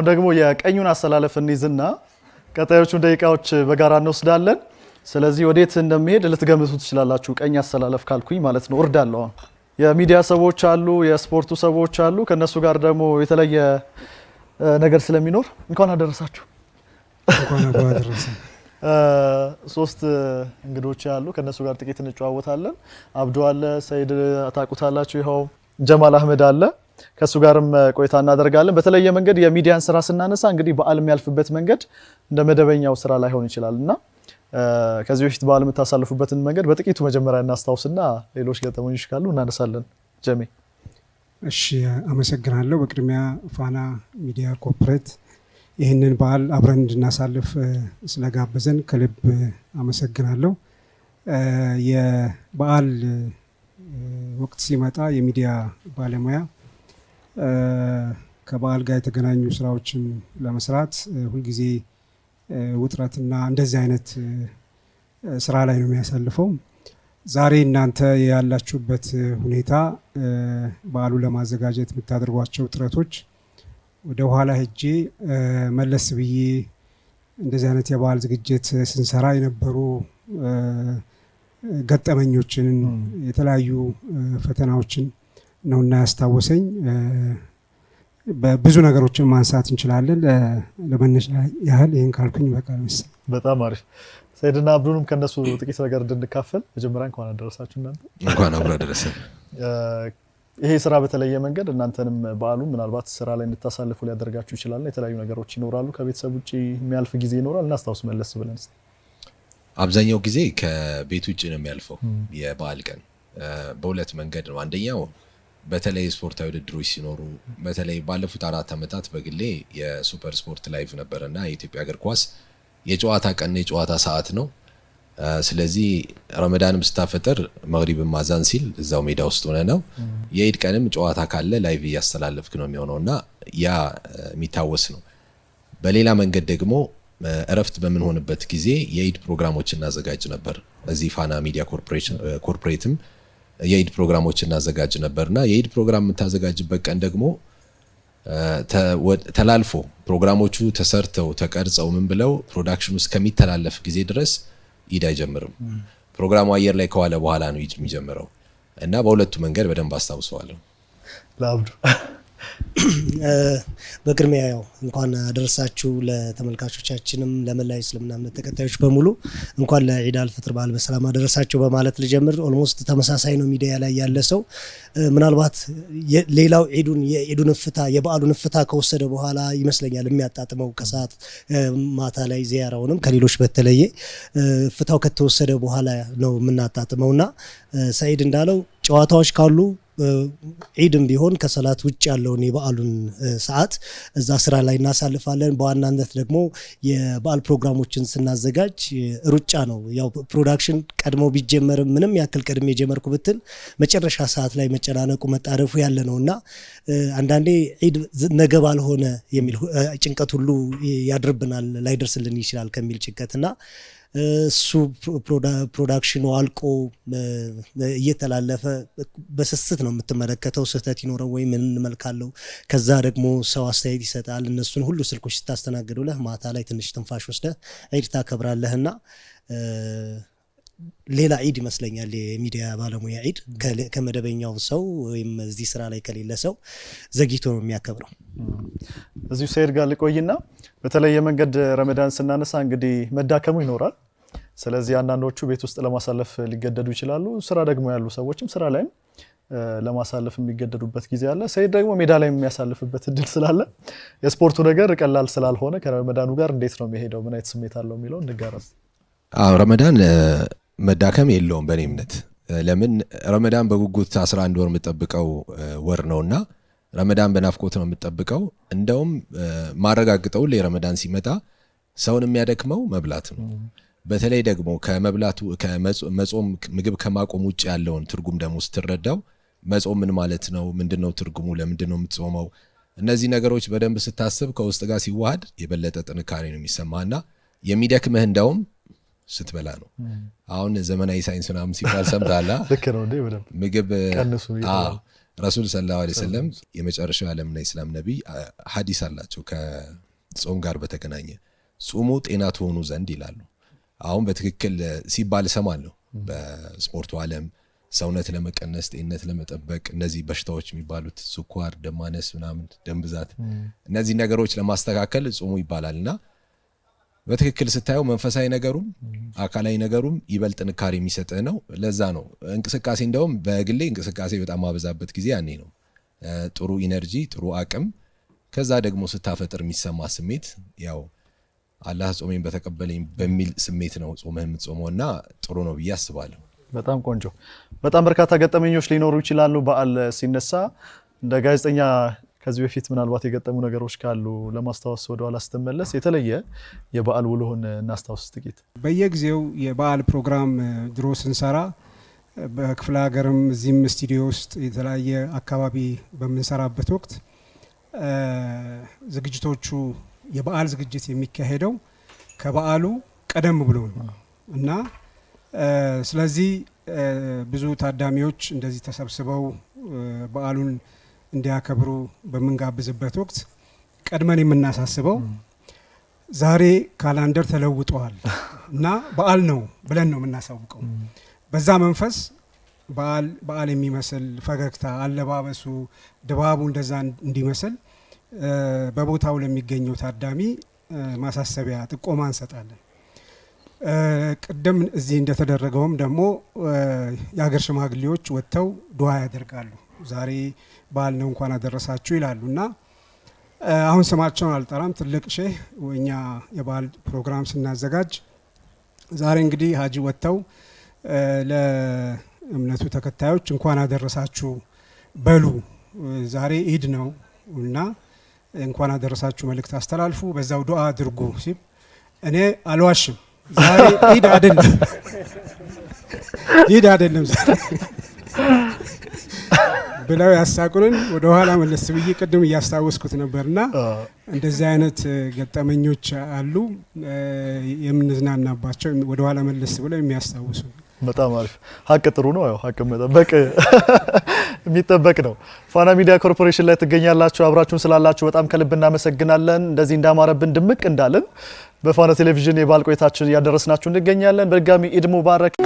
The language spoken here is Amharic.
አሁን ደግሞ የቀኙን አሰላለፍ እንይዝና ቀጣዮቹን ደቂቃዎች በጋራ እንወስዳለን። ስለዚህ ወዴት እንደሚሄድ ልትገምቱ ትችላላችሁ። ቀኝ አሰላለፍ ካልኩኝ ማለት ነው እርዳለሁ። የሚዲያ ሰዎች አሉ፣ የስፖርቱ ሰዎች አሉ። ከእነሱ ጋር ደግሞ የተለየ ነገር ስለሚኖር እንኳን አደረሳችሁ። ሶስት እንግዶች አሉ፣ ከእነሱ ጋር ጥቂት እንጨዋወታለን። አብዶ አለ፣ ሰይድ ታቁታላችሁ፣ ይኸው ጀማል አህመድ አለ ከእሱ ጋርም ቆይታ እናደርጋለን። በተለየ መንገድ የሚዲያን ስራ ስናነሳ እንግዲህ በዓል የሚያልፍበት መንገድ እንደ መደበኛው ስራ ላይሆን ይችላል እና ከዚህ በፊት በዓል የምታሳልፉበትን መንገድ በጥቂቱ መጀመሪያ እናስታውስና ሌሎች ገጠመኞች ካሉ እናነሳለን። ጀሜ እሺ፣ አመሰግናለሁ። በቅድሚያ ፋና ሚዲያ ኮርፖሬት ይህንን በዓል አብረን እንድናሳልፍ ስለጋበዘን ከልብ አመሰግናለሁ። የበዓል ወቅት ሲመጣ የሚዲያ ባለሙያ ከበዓል ጋር የተገናኙ ስራዎችን ለመስራት ሁልጊዜ ውጥረትና እንደዚህ አይነት ስራ ላይ ነው የሚያሳልፈው። ዛሬ እናንተ ያላችሁበት ሁኔታ በዓሉን ለማዘጋጀት የምታደርጓቸው ጥረቶች ወደ ኋላ ሄጄ መለስ ብዬ እንደዚህ አይነት የበዓል ዝግጅት ስንሰራ የነበሩ ገጠመኞችን፣ የተለያዩ ፈተናዎችን ነውና ያስታወሰኝ። ብዙ ነገሮችን ማንሳት እንችላለን። ለመነሻ ያህል ይህን ካልኩኝ በቃል መሰለኝ። በጣም አሪፍ ሰይድና አብዱንም ከእነሱ ጥቂት ነገር እንድንካፈል መጀመሪያ እንኳን አደረሳችሁ። እናንተ እንኳን አብሮ አደረሰ። ይሄ ስራ በተለየ መንገድ እናንተንም በዓሉ ምናልባት ስራ ላይ እንድታሳልፉ ሊያደርጋችሁ ይችላል። የተለያዩ ነገሮች ይኖራሉ። ከቤተሰብ ውጭ የሚያልፍ ጊዜ ይኖራል። እናስታውስ መለስ ብለን አብዛኛው ጊዜ ከቤት ውጭ ነው የሚያልፈው የበዓል ቀን በሁለት መንገድ ነው። አንደኛው በተለይ ስፖርታዊ ውድድሮች ሲኖሩ በተለይ ባለፉት አራት ዓመታት በግሌ የሱፐር ስፖርት ላይቭ ነበረ እና የኢትዮጵያ እግር ኳስ የጨዋታ ቀን የጨዋታ ሰዓት ነው። ስለዚህ ረመዳንም ስታፈጥር መግሪብን ማዛን ሲል እዛው ሜዳ ውስጥ ሆነ ነው። የኢድ ቀንም ጨዋታ ካለ ላይቭ እያስተላለፍክ ነው የሚሆነው እና ያ የሚታወስ ነው። በሌላ መንገድ ደግሞ እረፍት በምንሆንበት ጊዜ የኢድ ፕሮግራሞች እናዘጋጅ ነበር። እዚህ ፋና ሚዲያ ኮርፖሬትም የኢድ ፕሮግራሞች እናዘጋጅ ነበር እና የኢድ ፕሮግራም የምታዘጋጅበት ቀን ደግሞ ተላልፎ ፕሮግራሞቹ ተሰርተው ተቀርጸው ምን ብለው ፕሮዳክሽኑ እስከሚተላለፍ ጊዜ ድረስ ኢድ አይጀምርም። ፕሮግራሙ አየር ላይ ከዋለ በኋላ ነው ኢድ የሚጀምረው እና በሁለቱ መንገድ በደንብ አስታውሰዋለሁ ለአብዱ በቅድሚያ ያው እንኳን አደረሳችሁ ለተመልካቾቻችንም ለመላው እስልምና እምነት ተከታዮች በሙሉ እንኳን ለዒድ አልፍጥር በዓል በሰላም አደረሳቸው በማለት ልጀምር። ኦልሞስት ተመሳሳይ ነው ሚዲያ ላይ ያለ ሰው ምናልባት ሌላው ዒዱን የዒዱን እፍታ የበዓሉን እፍታ ከወሰደ በኋላ ይመስለኛል የሚያጣጥመው ከሰዓት ማታ ላይ ዚያራውንም ከሌሎች በተለየ እፍታው ከተወሰደ በኋላ ነው የምናጣጥመውና ሰዒድ እንዳለው ጨዋታዎች ካሉ ዒድም ቢሆን ከሰላት ውጭ ያለውን የበዓሉን ሰዓት እዛ ስራ ላይ እናሳልፋለን። በዋናነት ደግሞ የበዓል ፕሮግራሞችን ስናዘጋጅ ሩጫ ነው። ያው ፕሮዳክሽን ቀድሞ ቢጀመርም ምንም ያክል ቀድሜ የጀመርኩ ብትል መጨረሻ ሰዓት ላይ መጨናነቁ መጣረፉ ያለ ነው እና አንዳንዴ ዒድ ነገ ባልሆነ የሚል ጭንቀት ሁሉ ያድርብናል፣ ላይደርስልን ይችላል ከሚል ጭንቀት እና እሱ ፕሮዳክሽኑ አልቆ እየተላለፈ በስስት ነው የምትመለከተው። ስህተት ይኖረው ወይም ምን እንመልካለው። ከዛ ደግሞ ሰው አስተያየት ይሰጣል። እነሱን ሁሉ ስልኮች ስታስተናግዱለህ ማታ ላይ ትንሽ ትንፋሽ ወስደህ ኢድ ታከብራለህና ሌላ ዒድ ይመስለኛል የሚዲያ ባለሙያ ዒድ ከመደበኛው ሰው ወይም እዚህ ስራ ላይ ከሌለ ሰው ዘግይቶ ነው የሚያከብረው። እዚሁ ሰይድ ጋር ልቆይና በተለይ የመንገድ ረመዳን ስናነሳ እንግዲህ መዳከሙ ይኖራል። ስለዚህ አንዳንዶቹ ቤት ውስጥ ለማሳለፍ ሊገደዱ ይችላሉ። ስራ ደግሞ ያሉ ሰዎችም ስራ ላይም ለማሳለፍ የሚገደዱበት ጊዜ አለ። ሰይድ ደግሞ ሜዳ ላይ የሚያሳልፍበት እድል ስላለ የስፖርቱ ነገር ቀላል ስላልሆነ ከረመዳኑ ጋር እንዴት ነው የሚሄደው፣ ምን አይነት ስሜት አለው የሚለው እንጋረም። አዎ ረመዳን መዳከም የለውም በእኔ እምነት። ለምን ረመዳን በጉጉት 11 ወር የምጠብቀው ወር ነውና ረመዳን በናፍቆት ነው የምጠብቀው። እንደውም ማረጋግጠው ረመዳን ሲመጣ ሰውን የሚያደክመው መብላት ነው። በተለይ ደግሞ ከመብላቱ መጾም ምግብ ከማቆም ውጭ ያለውን ትርጉም ደግሞ ስትረዳው መጾም ምን ማለት ነው? ምንድን ነው ትርጉሙ? ለምንድን ነው የምትጾመው? እነዚህ ነገሮች በደንብ ስታስብ ከውስጥ ጋር ሲዋሃድ የበለጠ ጥንካሬ ነው የሚሰማና የሚደክምህ እንደውም ስትበላ ነው። አሁን ዘመናዊ ሳይንስ ምናምን ሲባል ሰምታላ ምግብ ረሱል ሰለላሁ ዐለይሂ ወሰለም የመጨረሻው የዓለምና የእስላም ነቢይ ሀዲስ አላቸው ከጾም ጋር በተገናኘ ጾሙ ጤና ትሆኑ ዘንድ ይላሉ። አሁን በትክክል ሲባል እሰማለሁ በስፖርቱ ዓለም ሰውነት ለመቀነስ ጤንነት ለመጠበቅ እነዚህ በሽታዎች የሚባሉት ስኳር፣ ደማነስ ምናምን፣ ደም ብዛት እነዚህ ነገሮች ለማስተካከል ጾሙ ይባላል እና በትክክል ስታየው መንፈሳዊ ነገሩም አካላዊ ነገሩም ይበልጥ ጥንካሬ የሚሰጥ ነው። ለዛ ነው እንቅስቃሴ እንደውም በግሌ እንቅስቃሴ በጣም ማበዛበት ጊዜ ያኔ ነው። ጥሩ ኢነርጂ፣ ጥሩ አቅም፣ ከዛ ደግሞ ስታፈጥር የሚሰማ ስሜት ያው አላህ ጾሜን በተቀበለኝ በሚል ስሜት ነው ጾመህ የምትጾመው እና ጥሩ ነው ብዬ አስባለሁ። በጣም ቆንጆ። በጣም በርካታ ገጠመኞች ሊኖሩ ይችላሉ። በዓል ሲነሳ እንደ ጋዜጠኛ ከዚህ በፊት ምናልባት የገጠሙ ነገሮች ካሉ ለማስታወስ ወደኋላ ስትመለስ የተለየ የበዓል ውሎህን እናስታውስ ጥቂት። በየጊዜው የበዓል ፕሮግራም ድሮ ስንሰራ በክፍለ ሀገርም እዚህም ስቱዲዮ ውስጥ የተለያየ አካባቢ በምንሰራበት ወቅት ዝግጅቶቹ የበዓል ዝግጅት የሚካሄደው ከበዓሉ ቀደም ብሎ ነው እና ስለዚህ ብዙ ታዳሚዎች እንደዚህ ተሰብስበው በዓሉን እንዲያከብሩ በምንጋብዝበት ወቅት ቀድመን የምናሳስበው ዛሬ ካላንደር ተለውጠዋል እና በዓል ነው ብለን ነው የምናሳውቀው። በዛ መንፈስ በዓል የሚመስል ፈገግታ፣ አለባበሱ፣ ድባቡ እንደዛ እንዲመስል በቦታው ለሚገኘው ታዳሚ ማሳሰቢያ ጥቆማ እንሰጣለን። ቅድም እዚህ እንደተደረገውም ደግሞ የሀገር ሽማግሌዎች ወጥተው ድዋ ያደርጋሉ። ዛሬ በዓል ነው እንኳን አደረሳችሁ ይላሉ እና አሁን ስማቸውን አልጠራም። ትልቅ ሼህ እኛ የበዓል ፕሮግራም ስናዘጋጅ ዛሬ እንግዲህ ሀጂ ወጥተው ለእምነቱ ተከታዮች እንኳን አደረሳችሁ በሉ። ዛሬ ኢድ ነው እና እንኳን አደረሳችሁ መልእክት አስተላልፉ፣ በዛው ዱአ አድርጉ ሲል እኔ አልዋሽም ዛሬ ኢድ አይደለም ኢድ አይደለም ዛሬ ብለው ያሳቁንን ወደኋላ መለስ ብዬ ቅድም እያስታወስኩት ነበርና እንደዚህ አይነት ገጠመኞች አሉ የምንዝናናባቸው ወደኋላ መለስ ብለው የሚያስታውሱ። በጣም አሪፍ ሀቅ ጥሩ ነው። ያው ሀቅ መጠበቅ የሚጠበቅ ነው። ፋና ሚዲያ ኮርፖሬሽን ላይ ትገኛላችሁ። አብራችሁን ስላላችሁ በጣም ከልብ እናመሰግናለን። እንደዚህ እንዳማረብን ድምቅ እንዳለን በፋና ቴሌቪዥን የባል ቆይታችን እያደረስናችሁ እንገኛለን። በድጋሚ ኢድ ሙባረክ